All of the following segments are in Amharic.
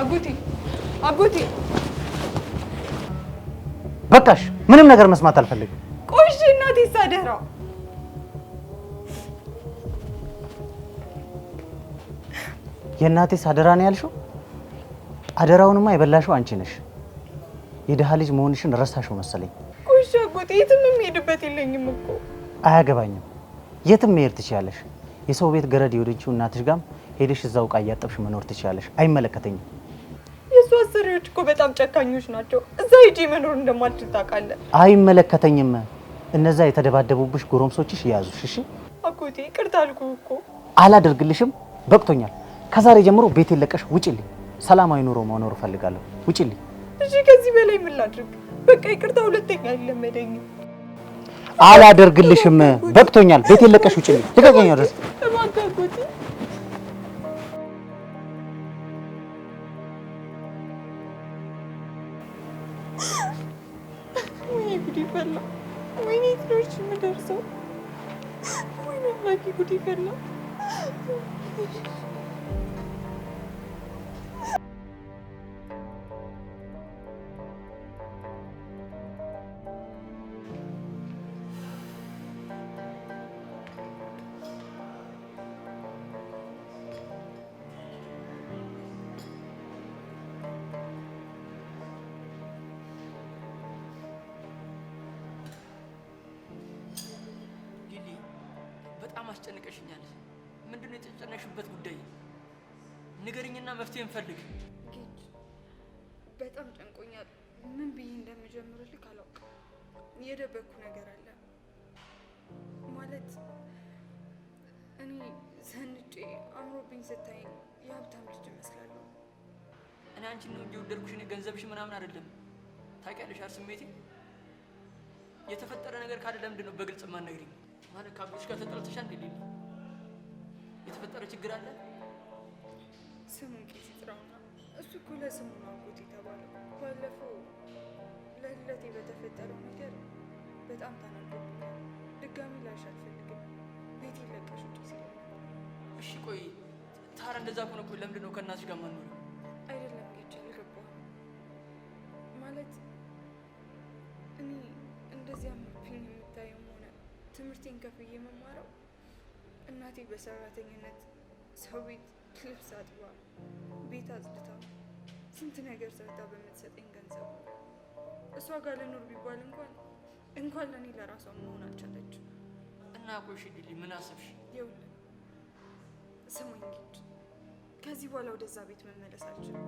አጎቴ አጎቴ በቃሽ፣ ምንም ነገር መስማት አልፈልግም። ቆሽ እናቴ ሳደራ የእናቴስ አደራ ነው ያልሽው? አደራውንማ የበላሽው አንቺ ነሽ። የድሃ ልጅ መሆንሽን ረሳሽው መሰለኝ። ቆሽ አጎቴ፣ የትም የምሄድበት የለኝም እኮ። አያገባኝም። የትም መሄድ ትችያለሽ። የሰው ቤት ገረድ የወደችው እናትሽ ጋም ሄደሽ እዛው እቃ እያጠብሽ መኖር ትችያለሽ። አይመለከተኝም። አሰሪዎች እኮ በጣም ጨካኞች ናቸው። እዛ ሂጂ መኖር እንደማልችል ታውቃለህ። አይመለከተኝም። እነዛ የተደባደቡብሽ ጎረምሶችሽ ያዙሽ። እሺ አጎቴ፣ ይቅርታ አልኩህ እኮ አላደርግልሽም። በቅቶኛል። ከዛሬ ጀምሮ ቤት የለቀሽ ውጭልኝ። ሰላማዊ ኑሮ መኖር እፈልጋለሁ። ውጭልኝ። እሺ፣ ከዚህ በላይ ምን ላድርግ? በቃ ይቅርታ፣ ሁለተኛ አይለመደኝም። አላደርግልሽም። በቅቶኛል። ቤት የለቀሽ ውጭልኝ። ልቀቀኛ ድረስ Hacerlo. አስጨንቀሽኛል። ምንድነው የተጨነሽበት ጉዳይ? ንገርኝና መፍትሄ እንፈልግ። ግድ በጣም ጨንቆኛል። ምን ብዬ እንደምጀምርልህ አላውቅም። የደበኩ ነገር አለ ማለት እኔ ዘንጬ አምሮብኝ ስታይ የሀብታም ልጅ እመስላለሁ። እኔ አንቺን ነው እንጂ ወደድኩሽ። እኔ ገንዘብሽ ምናምን አይደለም። ታውቂያለሽ አይደል ስሜቴ። የተፈጠረ ነገር ካለ ለምንድን ነው በግልጽ ማትነግሪኝ? ማለት ከአብሮች ጋር ተጣልተሻል እንዴ? ሌላ የተፈጠረ ችግር አለ? ስሙን ቄስ ይጥራውና እሱ እኮ ለስሙ ማንጎት የተባለው ባለፈው ለህለቴ በተፈጠረው ነገር በጣም ተናደድኩኝ። ድጋሚ ላሽ አልፈልግም ቤት ይለቀሽ ውጪ ሲል እሺ ቆይ ታራ እንደዛ ከሆነ እኮ ለምንድን ነው ከእናትሽ ጋር ማኖር አይደለም ትምህርቴን ከፍዬ የመማረው እናቴ በሰራተኝነት ሰው ቤት ልብስ አጥባ፣ ቤት አጽድታ፣ ስንት ነገር ሰርታ በምትሰጠኝ ገንዘብ እሷ ጋር ልኖር ቢባል እንኳን እንኳን ለእኔ ለራሷ መሆን አልቻለች። እና ቆሽ ድል ምን አሰብሽ? ይኸውልህ ስሙኝ ከዚህ በኋላ ወደዛ ቤት መመለስ አልችልም።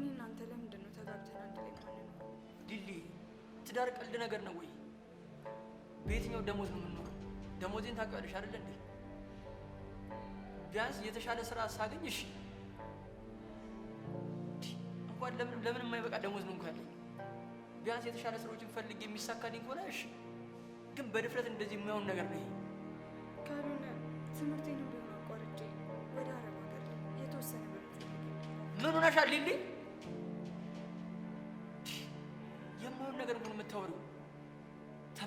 እናንተ ለምንድን ነው ተጋብተን አንድ ላይ ማንነው? ድል ትዳር ቀልድ ነገር ነው ወይ? በየትኛው ደሞዝ ነው የምንኖረው? ደሞዜን ታውቂዋለሽ አይደለ እንዴ? ቢያንስ የተሻለ ስራ ሳገኝ እሺ፣ እንኳን ለምን ለምን የማይበቃ ደሞዝ ነው እንኳን ቢያንስ የተሻለ ስራዎችን ፈልግ የሚሳካልኝ ከሆነ እሺ። ግን በድፍረት እንደዚህ የማይሆን ነገር ነው ይሄ። ካልሆነ ትምህርቴን ቢሆን አቋርጬ ወደ አረብ ሀገር የተወሰነ ምን ሆነሻል? ሊሊ የማይሆን ነገር ምን የምታወሪው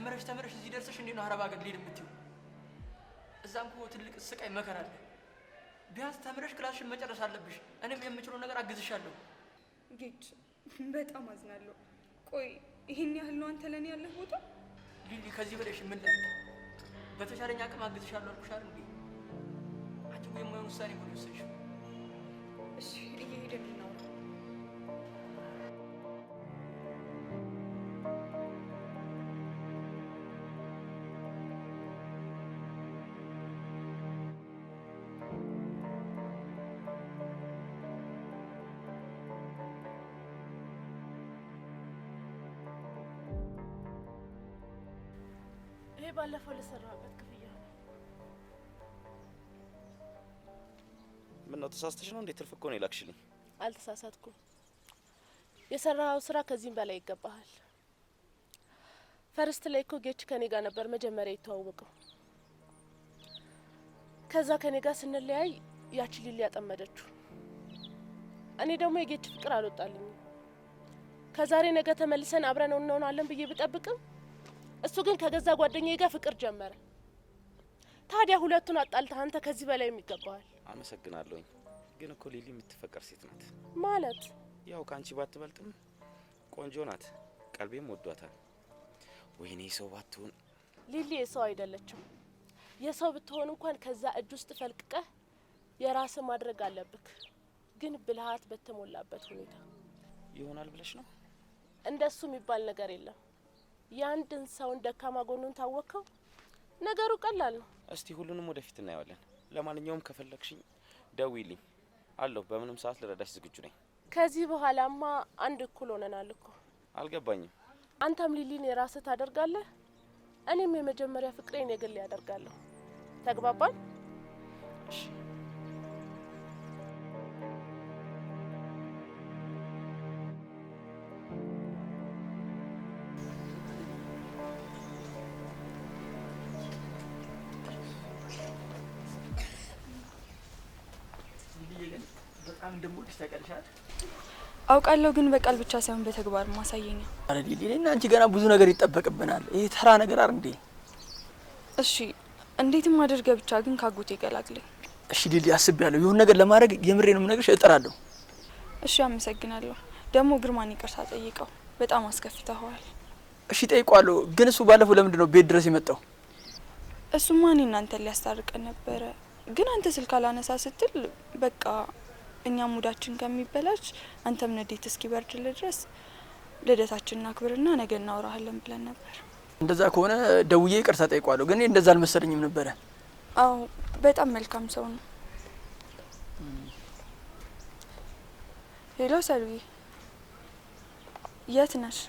ተምረሽ ተምረሽ እዚህ ደርሰሽ እንዴት ነው አረብ ሀገር ልሄድ የምትይው? እዛም እኮ ትልቅ ስቃይ መከራ አለ። ቢያንስ ተምረሽ ክላስሽን መጨረስ አለብሽ። እኔም የምችለው ነገር አግዝሻለሁ። ጌች፣ በጣም አዝናለሁ። ቆይ ይህን ያህል ነው አንተ ለእኔ ያለህ ቦታ? ሊሊ፣ ከዚህ በለሽ ምን ላድርግ? በተሻለኝ አቅም አግዝሻለሁ አልኩሻል እንዴ። አንቺ የማይሆን ውሳኔ ሆነ ወሰንሽ። እሺ፣ እየሄደን ነው ባለፈው ለሰራበት ክፍያ ነው። ምነው ተሳስተሽ ነው? እንዴት ትርፍ እኮ ነው የላክሽልኝ። አልተሳሳትኩም። የሰራው ስራ ከዚህም በላይ ይገባሃል። ፈርስት ላይ እኮ ጌች ከኔ ጋር ነበር መጀመሪያ የተዋወቀው። ከዛ ከኔ ጋር ስንለያይ ያቺ ሊሊ ያጠመደችው፣ እኔ ደግሞ የጌች ፍቅር አልወጣልኝም። ከዛሬ ነገ ተመልሰን አብረን እንሆናለን ብዬ ብጠብቅም እሱ ግን ከገዛ ጓደኛዬ ጋር ፍቅር ጀመረ። ታዲያ ሁለቱን አጣልተህ አንተ ከዚህ በላይ የሚገባዋል። አመሰግናለሁኝ። ግን እኮ ሊሊ የምትፈቀር ሴት ናት። ማለት ያው ከአንቺ ባትበልጥም ቆንጆ ናት። ቀልቤም ወዷታል። ወይኔ ሰው ባትሆን ሊሊ የሰው አይደለችም። የሰው ብትሆን እንኳን ከዛ እጅ ውስጥ ፈልቅቀህ የራስ ማድረግ አለብክ። ግን ብልሃት በተሞላበት ሁኔታ ይሆናል ብለሽ ነው? እንደሱ የሚባል ነገር የለም። የአንድን ሰውን ደካማ ጎኑን ታወቅከው፣ ነገሩ ቀላል ነው። እስቲ ሁሉንም ወደፊት እናየዋለን። ለማንኛውም ከፈለግሽኝ ደውዪልኝ አለሁ። በምንም ሰዓት ልረዳሽ ዝግጁ ነኝ። ከዚህ በኋላማ አንድ እኩል ሆነናል እኮ። አልገባኝም። አንተም ሊሊን የራስ ታደርጋለህ፣ እኔም የመጀመሪያ ፍቅሬን የግል ያደርጋለሁ። ተግባባል። እሺ አውቃለሁ ግን በቃል ብቻ ሳይሆን በተግባር ማሳየኛ። አረ አንቺ ገና ብዙ ነገር ይጠበቅብናል። ይሄ ተራ ነገር አይደል እንዴ? እሺ፣ እንዴትም አድርገ ብቻ ግን ካጎቴ ይገላግለኝ። እሺ ሊሊ፣ አስቤያለሁ። ይሁን ነገር ለማድረግ የምሬ ነው የምነግርሽ፣ እጥራለሁ። እሺ፣ አመሰግናለሁ። ደግሞ ግርማን ይቅርታ ጠይቀው፣ በጣም አስከፍተኸዋል። እሺ፣ ጠይቋለሁ። ግን እሱ ባለፈው ለምንድን ነው ቤት ድረስ የመጣው? እሱማ እኔ እናንተን ሊያስታርቀን ነበረ፣ ግን አንተ ስልክ አላነሳ ስትል በቃ እኛ ሙዳችን ከሚበላች አንተም ንዴት እስኪ በርድል ድረስ ልደታችንን አክብርና ነገ እናውራሃለን ብለን ነበር። እንደዛ ከሆነ ደውዬ ይቅርታ ጠይቋለሁ። ግን እንደዛ አልመሰለኝም ነበረ። አዎ በጣም መልካም ሰው ነው። ሄሎ ሰሉዬ፣ የት ነሽ?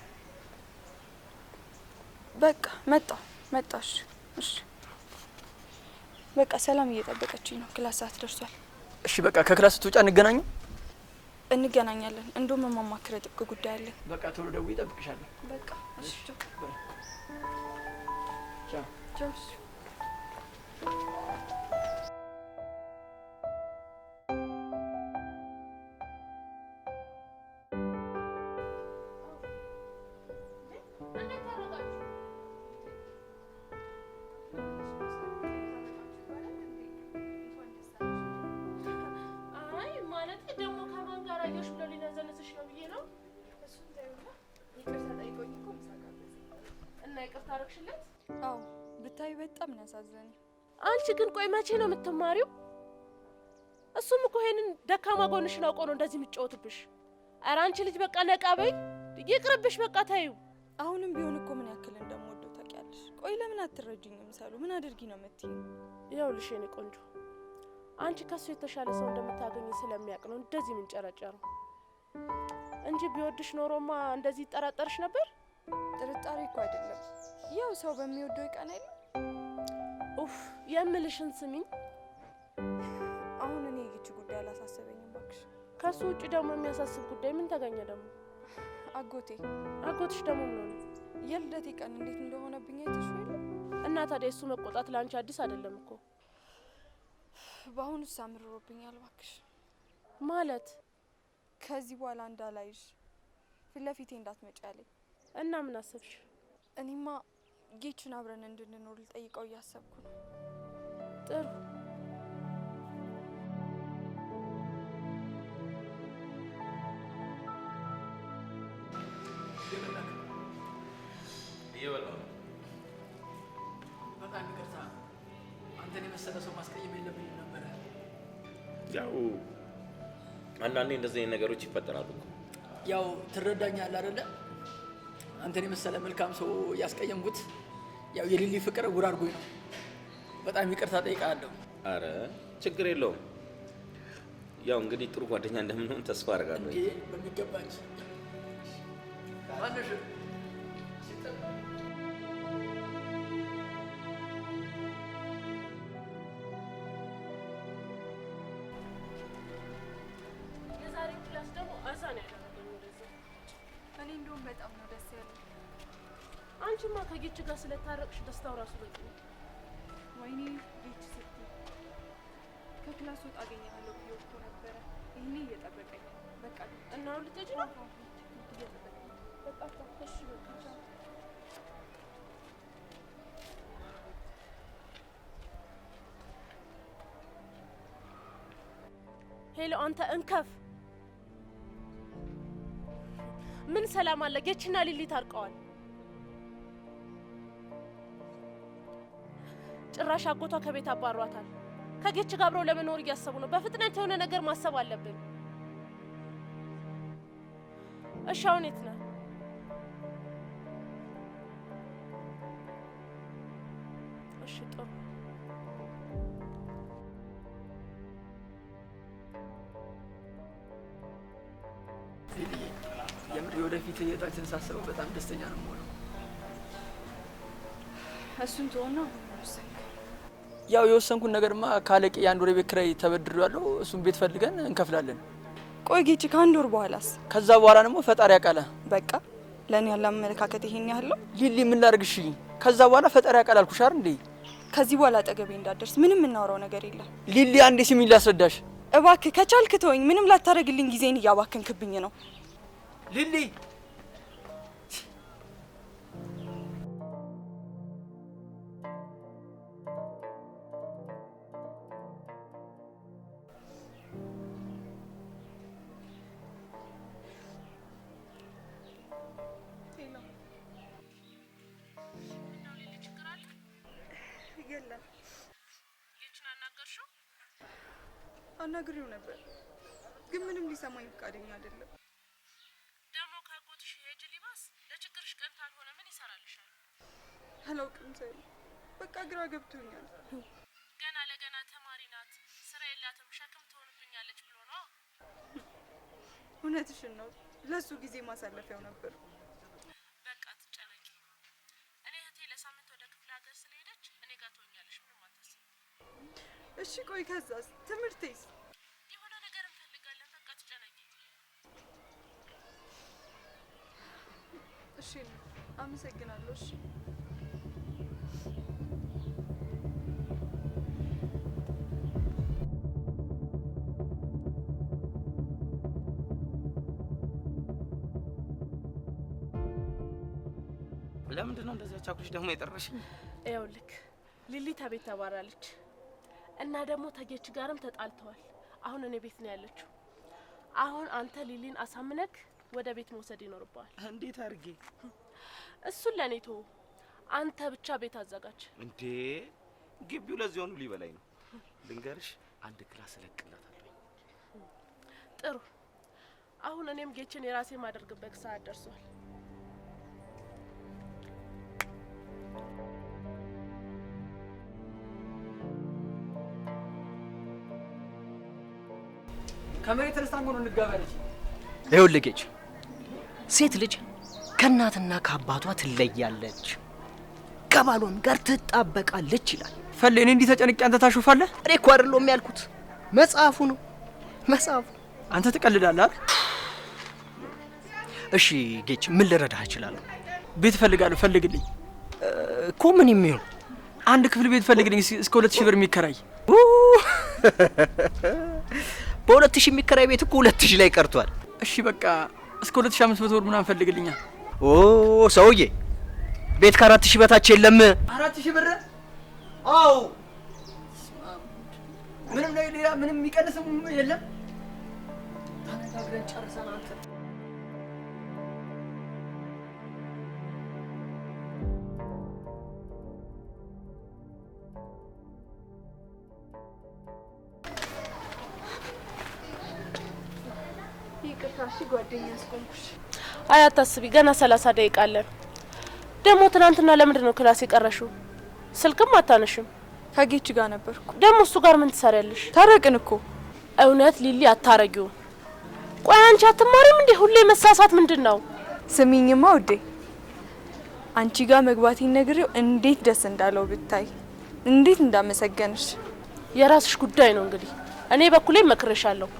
በቃ መጣ መጣሽ። እሺ በቃ ሰላም እየጠበቀችኝ ነው። ክላስ ሰዓት ደርሷል። እሺ በቃ ከክላስ ስትወጪ አንገናኝም? እንገናኛለን። እንደውም የማማክረህ ጥብቅ ጉዳይ አለ። በቃ ቶሎ ደውዬ እጠብቅሻለሁ። በቃ እሺ። ቆይ መቼ ነው የምትማሪው? እሱም እኮ ይሄንን ደካማ ጎንሽን አውቆ ነው እንደዚህ የምትጫወትብሽ። ኧረ አንቺ ልጅ በቃ ነቃ በይ፣ ይቅርብሽ በቃ ታዩ። አሁንም ቢሆን እኮ ምን ያክል እንደምወደው ታውቂያለሽ። ቆይ ለምን አትረጅኝም? ሳሉ ምን አድርጊ ነው የምትይኝ? ይኸውልሽ የኔ ቆንጆ አንቺ ከሱ የተሻለ ሰው እንደምታገኝ ስለሚያውቅ ነው እንደዚህ የምንጨረጨረው እንጂ ቢወድሽ ኖሮማ እንደዚህ ይጠራጠርሽ ነበር። ጥርጣሬ እኮ አይደለም ያው ሰው በሚወደው ይቀናል። ኡፍ የምልሽን ስሚኝ። አሁን እኔ ይቺ ጉዳይ አላሳሰበኝም እባክሽ። ከሱ ውጭ ደግሞ የሚያሳስብ ጉዳይ ምን ተገኘ ደግሞ? አጎቴ አጎትሽ ደግሞ ምን ሆነ? የልደቴ ቀን እንዴት እንደሆነብኝ አይተሽ የለ? እና ታዲያ እሱ መቆጣት ለአንቺ አዲስ አይደለም እኮ። በአሁኑ ሳምርሮብኛል እባክሽ። ማለት ከዚህ በኋላ እንዳላይሽ ፊት ለፊቴ እንዳትመጪ አለኝ። እና ምን አሰብሽ? እኔማ ጌቹን አብረን እንድንኖር ልጠይቀው እያሰብኩ ነው። ጥሩ ነው። በጣም ይቅርታ። አንተን የመሰለ ሰው ማስቀየም የለብኝ ነበረ። ያው አንዳንዴ እንደዚህ ነገሮች ይፈጠራሉ። ያው ትረዳኛለህ አይደለ? አንተን የመሰለ መልካም ሰው ያስቀየምኩት ያው የሊሊ ፍቅር ውር አድርጎኝ ነው። በጣም ይቅርታ ጠይቃለሁ። አረ ችግር የለውም። ያው እንግዲህ ጥሩ ጓደኛ እንደምንሆን ተስፋ አድርጋለሁ። በሚገባች የዛሬ ክላስ ደግሞ አዛ ነው ያደረገኝ። እኔ እንደውም በጣም ነው ደስ ያለኝ አንቺማ ከጌች ጋር ስለታረቅሽ ደስታው ራሱ በቂ ነው። ወይኔ ጌች ስትይ ከክላስ ወጥ አገኘሃለሁ ብዬ ወጥቶ ነበረ። ይህኔ እየጠበቀኝ በቃ እና ሁሉ ልትሄጂ ነው? እየጠበቀኝ በቃ በቃ ሄሎ አንተ እንከፍ ምን ሰላም አለ? ጌችና ሊሊ ታርቀዋል። ጭራሽ አጎቷ ከቤት አባሯታል። ከጌች ጋር አብረው ለመኖር እያሰቡ ነው። በፍጥነት የሆነ ነገር ማሰብ አለብን። እሺ አሁን የት ነህ? እሺ ጥሩ የምር ወደፊት ህይወታችን ሳስበው በጣም ደስተኛ ነው የምሆነው። እሱን ትሆን ነው ያው የወሰንኩን ነገርማ ካለቂ የአንድ ወር ቤት ኪራይ ተበድሮ ያለው እሱን ቤት ፈልገን እንከፍላለን። ቆይ ጌቺ፣ ከአንድ ወር በኋላስ? ከዛ በኋላ ደግሞ ፈጣሪ ያውቃል። በቃ ለእኔ ያለ አመለካከት ይሄን ያህለው። ሊሊ፣ ምን ላድርግሽ? ከዛ በኋላ ፈጣሪ ያውቃል አልኩሽ እንዴ? ከዚህ በኋላ አጠገቤ እንዳደርስ ምንም የምናወራው ነገር የለም። ሊሊ፣ አንዴ ስሚኝ ላስረዳሽ። እባክህ ከቻልክ ተወኝ። ምንም ላታደርግልኝ ጊዜን እያባከንክብኝ ነው ሊሊ የለም። ልጅን አናገርሽው? አናግሬው ነበር ግን ምንም ሊሰማኝ ፈቃደኛ አይደለም። ደግሞ ካጎትሽ የእጅ ሊባስ ለችግርሽ ቀን ካልሆነ ምን ይሰራልሻል? አላውቅም ሰይ በቃ ግራ ገብቶኛል። ገና ለገና ተማሪ ናት፣ ስራ የላትም፣ ሸክም ትሆንብኛለች ብሎ ነው። እውነትሽን ነው። ለእሱ ጊዜ ማሳለፊያው ነበር። እሺ ቆይ ከዛስ? ትምህርቴስ? የሆነ ነገር እንፈልጋለን። በቃ ትጨነቂ። እሺ አመሰግናለሁ። እሺ ለምንድን ነው እንደዚያ ቻኩልሽ ደግሞ የጠራሽ? ይኸውልህ ሊሊ ተቤት ተባራለች። እና ደግሞ ተጌች ጋርም ተጣልተዋል። አሁን እኔ ቤት ነው ያለችው። አሁን አንተ ሊሊን አሳምነክ ወደ ቤት መውሰድ ይኖርበዋል። እንዴት አድርጌ? እሱን ለእኔ ተው። አንተ ብቻ ቤት አዘጋጅ። እንዴ ግቢው ለዚህ ሆኑ ሊበላኝ ነው። ልንገርሽ፣ አንድ ክላስ እለቅላታለሁ። ጥሩ። አሁን እኔም ጌችን የራሴ ማደርግበት ሰዓት ደርሷል። ከመሬት ተነስታን ሆኖ እንጋባለች። ይኸውልህ ጌች፣ ሴት ልጅ ከእናትና ከአባቷ ትለያለች፣ ከባሏም ጋር ትጣበቃለች ይላል ፈሌ። እኔ እንዲህ ተጨንቄ አንተ ታሾፋለህ? እኔ እኮ አይደለሁም ያልኩት መጽሐፉ ነው መጽሐፉ። አንተ ትቀልዳለህ። እሺ ጌች፣ ምን ልረዳህ እችላለሁ? ቤት እፈልጋለሁ፣ ፈልግልኝ እኮ ምን የሚሆን አንድ ክፍል ቤት ፈልግልኝ፣ እስከ ሁለት ሺህ ብር የሚከራይ በሁለት ሺህ የሚከራይ ቤት እኮ ሁለት ሺህ ላይ ቀርቷል። እሺ በቃ እስከ ሁለት ሺህ አምስት መቶ ብር ምናምን ፈልግልኛል። ኦ ሰውዬ ቤት ከአራት ሺህ በታች የለም። አራት ሺህ ብር? አዎ ምንም ላይ ሌላ ምንም የሚቀንስም የለም። ተነጋግረን ጨርሰን አንተ እሺ ጓደኛ አስቆምኩሽ። አይ አታስቢ፣ ገና ሰላሳ ደቂቃ አለን። ደግሞ ትናንትና ለምንድን ነው ክላስ የቀረሽው? ስልክም አታነሽም። ከጌች ጋር ነበርኩ። ደግሞ እሱ ጋር ምን ትሰሪያለሽ? ታረቅን እኮ። እውነት ሊሊ አታረጊውም። ቆይ አንቺ አትማሪም እንዴ? ሁሌ መሳሳት ምንድን ነው? ስሚኝማ ውዴ፣ አንቺ ጋር መግባቴን ነግሬው እንዴት ደስ እንዳለው ብታይ፣ እንዴት እንዳመሰገንሽ። የራስሽ ጉዳይ ነው እንግዲህ። እኔ በኩሌ መክረሻለሁ።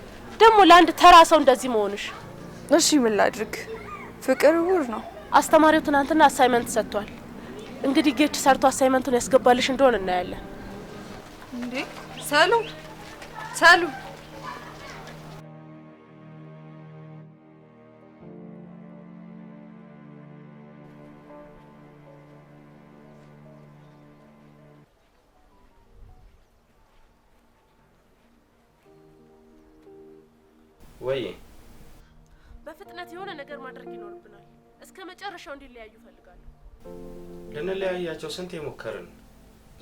ደግሞ ለአንድ ተራ ሰው እንደዚህ መሆንሽ እሺ ምን ላድርግ? ፍቅር ውር ነው። አስተማሪው ትናንትና አሳይመንት ሰጥቷል። እንግዲህ ጌች ሰርቶ አሳይመንቱን ያስገባልሽ እንደሆነ እናያለን። እንዴ ሰሉ ሰሉ እንዲለያዩ እፈልጋለሁ። ልንለያያቸው ስንት የሞከርን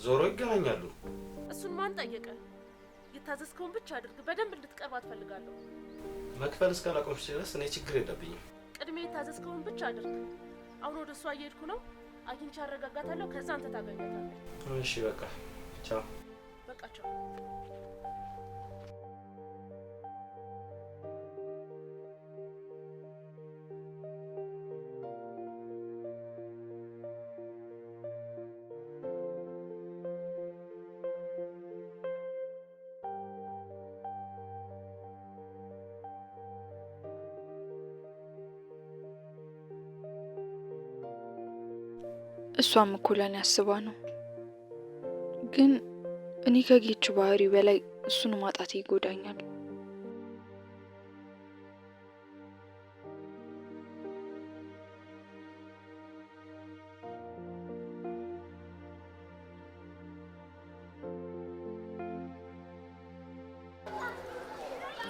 ዞሮ ይገናኛሉ። እሱን ማን ጠየቀ? የታዘዝከውን ብቻ አድርግ። በደንብ እንድትቀርባት ፈልጋለሁ? መክፈል እስካላቆምሽ ድረስ እኔ ችግር የለብኝም። ቅድሜ የታዘዝከውን ብቻ አድርግ። አሁን ወደ እሷ እየሄድኩ ነው። አግኝቼ አረጋጋታለሁ። ከዛ አንተ ታገኛታለህ። እሺ፣ በቃ ቻው። በቃ ቻው። እሷም እኮ ያስባ አስባ ነው። ግን እኔ ከጌች ባህሪ በላይ እሱን ማጣቴ ይጎዳኛል።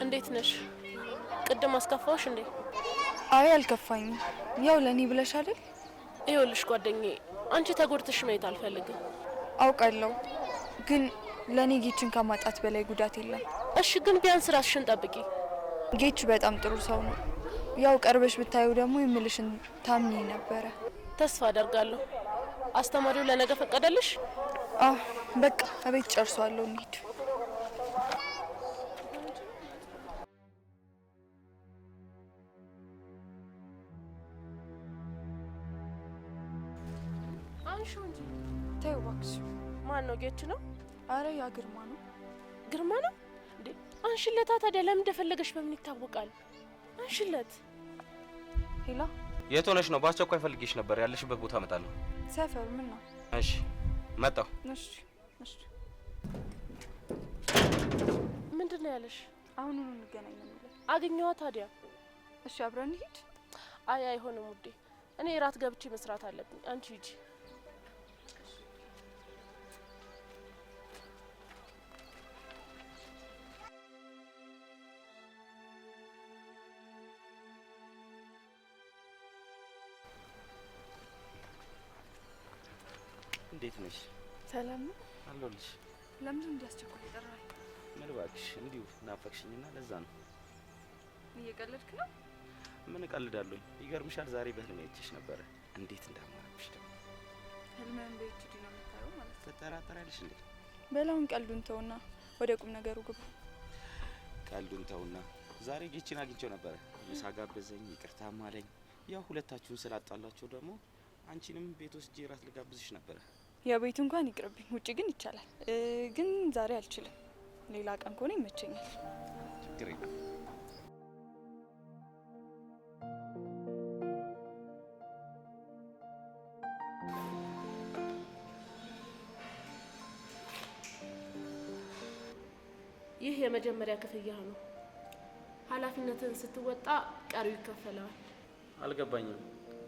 እንዴት ነሽ? ቅድም አስከፋሽ እንዴ? አይ አልከፋኝም። ያው ለእኔ ብለሽ አይደል? ይኸውልሽ ጓደኛዬ አንቺ ተጎድተሽ ማየት አልፈልግም። አውቃለሁ፣ ግን ለእኔ ጌችን ከማጣት በላይ ጉዳት የለም። እሺ፣ ግን ቢያንስ ራስሽን ጠብቂ። ጌች በጣም ጥሩ ሰው ነው። ያው ቀርበሽ ብታየው ደግሞ የምልሽን ታምኝ ነበረ። ተስፋ አደርጋለሁ። አስተማሪው ለነገ ፈቀደልሽ? አዎ፣ በቃ እቤት ጨርሷለሁ፣ እንሂድ አልሽ እንጂ ተይው እባክሽ። ማን ነው ጌች ነው? አረ ያ ግርማ ነው። ግርማ ነው እንዴ? አንሽለታ። ታዲያ ለምን እንደፈለገሽ በምን ይታወቃል? አንሽለት። ሄላ የት ሆነሽ ነው? በአስቸኳይ ፈልጌሽ ነበር። ያለሽበት ቦታ እመጣለሁ። ሰፈር ምን ነው? እሺ መጣሁ። እሺ እሺ። ምንድን ነው ያለሽ? አሁኑኑ እንገናኝ ነው አገኘዋ ታዲያ። እሺ አብረን ሂድ። አይ አይሆንም ውዴ፣ እኔ እራት ገብቼ መስራት አለብኝ። አንቺ ሂጂ። እንዴት ነሽ? ሰላም ነው አለሁልሽ። ለምን እንዲያስቸኩል የጠራኸኝ? ምን እባክሽ፣ እንዲሁ ናፈቅሽኝና ለዛ ነው። እየቀለድክ ነው? ምን እቀልዳለሁኝ? ይገርምሻል፣ ዛሬ በህልሜ አይቼሽ ነበረ። እንዴት እንዳማረብሽ ደግሞ። ህልምህን በኤችዲ ነው የምታየው ማለት ነው? ትጠራጠሪያለሽ እንዴ? በላውን ቀልዱን ተውና ወደ ቁም ነገሩ ግቡ። ቀልዱን ተውና ዛሬ ጌችን አግኝቸው ነበረ። ምሳ ጋበዘኝ፣ ይቅርታ ማለኝ። ያው ሁለታችሁን ስላጣላቸው ደግሞ አንቺንም ቤት ወስጄ ራት ልጋብዝሽ ነበረ የቤቱ እንኳን ይቅርብኝ፣ ውጭ ግን ይቻላል። ግን ዛሬ አልችልም። ሌላ ቀን ከሆነ ይመቸኛል። ችግር የለም። ይህ የመጀመሪያ ክፍያ ነው። ኃላፊነትን ስትወጣ ቀሪው ይከፈለዋል። አልገባኝም።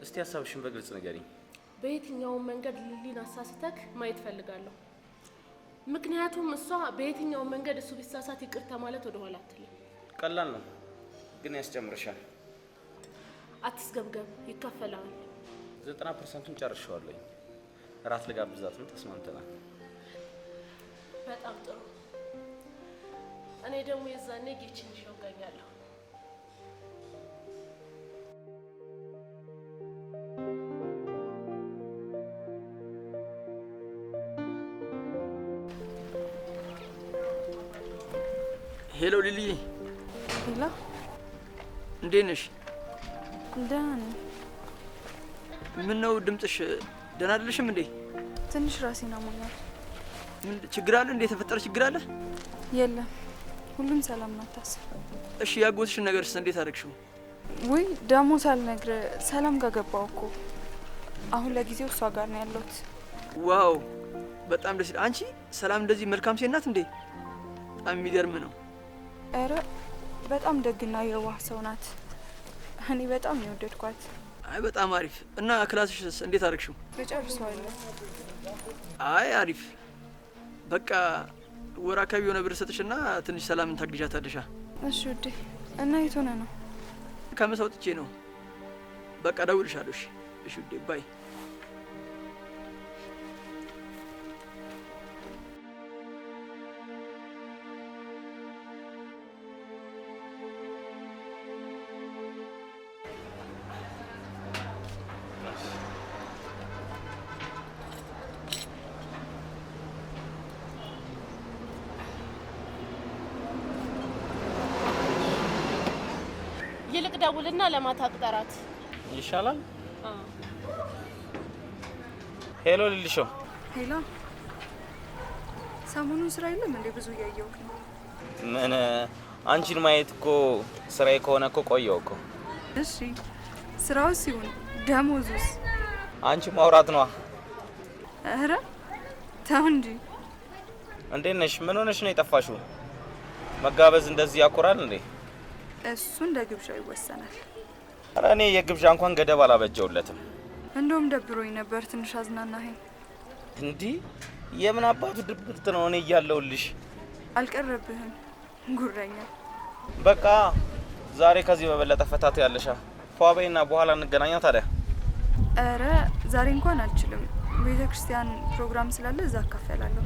እስቲ ሀሳብሽን በግልጽ ንገሪኝ። በየትኛውም መንገድ ሊሊን አሳስተክ ማየት ፈልጋለሁ። ምክንያቱም እሷ በየትኛውም መንገድ እሱ ቢሳሳት ይቅርታ ማለት ወደ ኋላ አትልም። ቀላል ነው ግን ያስጨምርሻል። አትስገብገብ፣ ይከፈላል። ዘጠና ፐርሰንቱን ጨርሸዋለኝ። እራት ልጋብዛትም ተስማምተናል። በጣም ጥሩ። እኔ ደግሞ የዛኔ ጌችን ይሸውጋኛለሁ ሄሎ ሊሊ። ሄሎ፣ እንዴት ነሽ? ደህና ነኝ። ምን ነው ድምፅሽ? ደህና አይደለሽም እንዴ? ትንሽ ራሴን አሞኛል። ምን ችግር አለ እንዴ? የተፈጠረ ችግር አለ? የለም፣ ሁሉም ሰላም ነው፣ አታስብ። እሺ፣ ያጎትሽን ነገርስ እንዴት አደረግሽው? ውይ ደግሞ ሳልነግርህ ሰላም ጋር ገባው እኮ። አሁን ለጊዜው እሷ ጋር ነው ያለሁት። ዋው፣ በጣም ደስ ይላል። አንቺ ሰላም እንደዚህ መልካም ሴት ናት እንዴ? በጣም የሚገርም ነው። ኧረ በጣም ደግና የዋህ ሰው ናት። እኔ በጣም ነው የወደድኳት። አይ በጣም አሪፍ። እና ክላስሽስ እንዴት አድርግሽው? እጨርሰዋለሁ። አይ አሪፍ። በቃ ወር አካባቢ የሆነ ብር ሰጥሽና ትንሽ ሰላምን ታግዣታለሻ። እሺ ውዴ። እና የት ሆነ ነው? ከምሳ ወጥቼ ነው። በቃ ደውልሻለሁ። እሺ ውዴ ባይ ለማታ ቅጠራት ይሻላል። ሄሎ ልልሾ፣ ሄሎ። ሰሞኑን ስራ የለም እንዴ? ብዙ እያየሁህ ምን አንቺን ማየት እኮ ስራዬ ከሆነ እኮ ቆየው እኮ። እሺ፣ ስራው ሲሆን ደሞዙስ? አንቺ ማውራት ነዋ። ኧረ ተው እንጂ። እንዴት ነሽ? ምን ሆነሽ ነው የጠፋሽው? መጋበዝ እንደዚህ ያኮራል እንዴ? እሱ እንደ ግብዣው ይወሰናል። እረ እኔ የግብዣ እንኳን ገደብ አላበጀውለትም። እንደውም ደብሮኝ ነበር ትንሽ አዝናናኸኝ። እንዲህ የምን አባቱ ድብርት ነው እኔ እያለሁልሽ። አልቀረብህም ጉረኛ። በቃ ዛሬ ከዚህ በበለጠ ፈታት ያለሻ ፏበይና በኋላ እንገናኛ ታዲያ። እረ ዛሬ እንኳን አልችልም። ቤተ ክርስቲያን ፕሮግራም ስላለ እዛ አካፈላለሁ።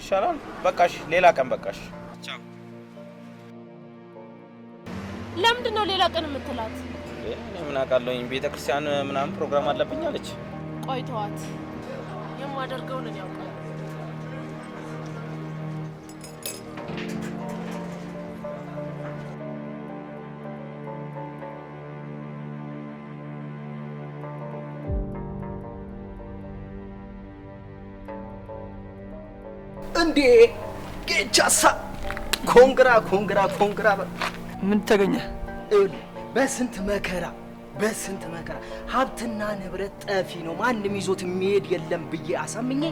ይሻላል። በቃሽ፣ ሌላ ቀን በቃሽ። ቻው ለምንድን ነው ሌላ ቀን የምትላት? ምን አውቃለሁኝ። ቤተ ክርስቲያን ምናምን ፕሮግራም አለብኝ አለች። ቆይ የማደርገውን እኔ ያውቃል። እንዴ ጌቻሳ ኮንግራ ኮንግራ ኮንግራ ምን ተገኘ? በስንት መከራ በስንት መከራ ሀብትና ንብረት ጠፊ ነው ማንም ይዞት የሚሄድ የለም ብዬ አሳምኜ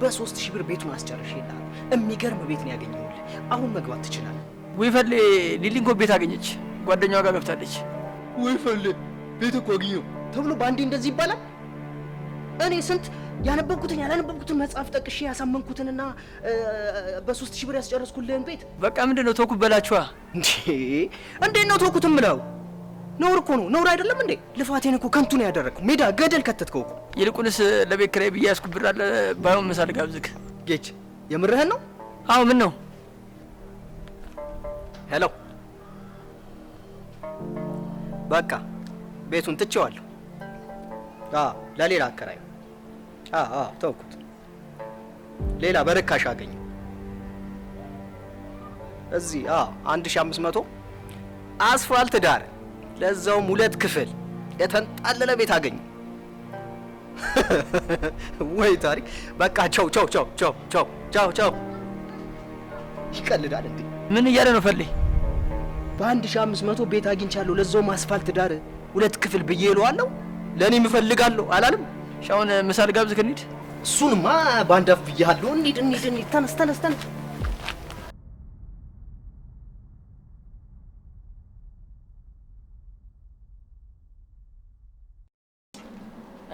በሶስት ሺህ ብር ቤቱን አስጨርሼ ይላል። የሚገርም ቤት ነው ያገኘሁልህ። አሁን መግባት ትችላለህ። ወይፈሌ ሊሊንኮ ቤት አገኘች፣ ጓደኛዋ ጋር ገብታለች። ወይፈሌ ቤት እኮ አገኘሁ ተብሎ በአንዴ እንደዚህ ይባላል? እኔ ስንት ያነበብኩትን ያላነበብኩትን መጽሐፍ ጠቅሼ ያሳመንኩትንና በሶስት ሺህ ብር ያስጨረስኩልህን ቤት በቃ ምንድን ነው ተውኩት በላችኋ። እንዴ እንዴት ነው ተውኩት ምለው? ነውር እኮ ነው። ነውር አይደለም እንዴ? ልፋቴን እኮ ከንቱ ነው ያደረግኩ። ሜዳ ገደል ከተትከው እኮ። ይልቁንስ ለቤት ኪራይ ብዬ ያዝኩት ብር አለ። ባይሆን ምሳ ልጋብዝህ። ጌች የምርህን ነው? አዎ። ምን ነው ሄሎ። በቃ ቤቱን ትቼዋለሁ ለሌላ አከራዩ ተውኩት። ሌላ በርካሽ አገኘ። እዚህ አንድ ሺህ አምስት መቶ አስፋልት ዳር ለዛውም ሁለት ክፍል የተንጣለለ ቤት አገኘ። ወይ ታሪክ! በቃ ቸው ቸው ቸው ቸው ቸው ቸው ቸው። ይቀልዳል እንዴ? ምን እያለ ነው ፈልይ? በአንድ ሺህ አምስት መቶ ቤት አግኝቻለሁ፣ ለዛውም አስፋልት ዳር ሁለት ክፍል ብዬ እለዋለሁ። ለእኔ እፈልጋለሁ አላልም? ሻውን ምሳ ልጋብዝህ እንሂድ። እሱንማ በአንድ አፍ ብያለሁ። እንሂድ እንሂድ እንሂድ። ተነስ ተነስ ተነስ።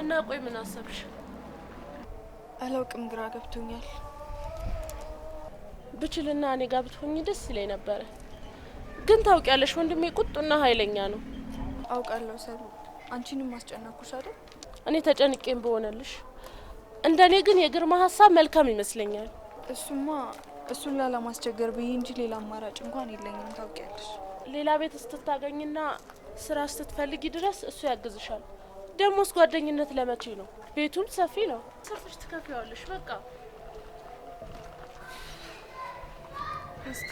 እና ቆይ ምን አሰብሽ? አላውቅም፣ ግራ ገብቶኛል። ብችልና እኔ ጋር ብትሆኝ ደስ ይለኝ ነበረ። ግን ታውቂያለሽ፣ ወንድሜ ቁጡና ኃይለኛ ነው። አውቃለሁ ሰሩ። አንቺንም አስጨነኩሽ አይደል? እኔ ተጨንቄም በሆነልሽ። እንደኔ ግን የግርማ ሀሳብ መልካም ይመስለኛል። እሱማ እሱን ላለማስቸገር ብዬ እንጂ ሌላ አማራጭ እንኳን የለኝም። ታውቂያለሽ፣ ሌላ ቤት ስትታገኝና ስራ ስትፈልጊ ድረስ እሱ ያግዝሻል። ደሞስ ጓደኝነት ለመቼ ነው? ቤቱም ሰፊ ነው፣ ሰርተሽ ትከፍያዋለሽ። በቃ እስቲ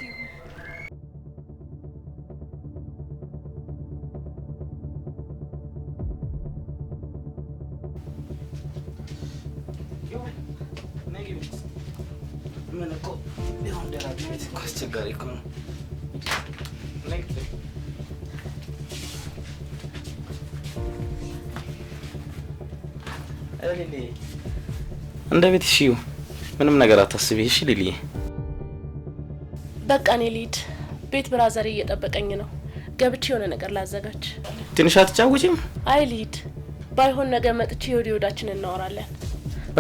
ቤት እኮ አስቸጋሪ እኮ ነው። እንደ ቤት እሺ፣ ምንም ነገር አታስቢ እሺ ሊሊዬ። በቃ እኔ ልሂድ፣ ቤት ብራዘሬ እየጠበቀኝ ነው። ገብቼ የሆነ ነገር ላዘጋጅ። ትንሽ አትጫውጪም? አይ ልሂድ፣ ባይሆን ነገ መጥቼ ወደ ወዳችን እናወራለን።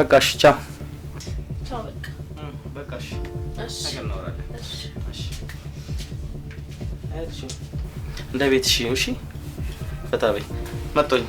በቃ እሺ፣ ቻው በቃ እሺ እንደ ቤትሽ እሺ። ፈታ በይ መጣሁ።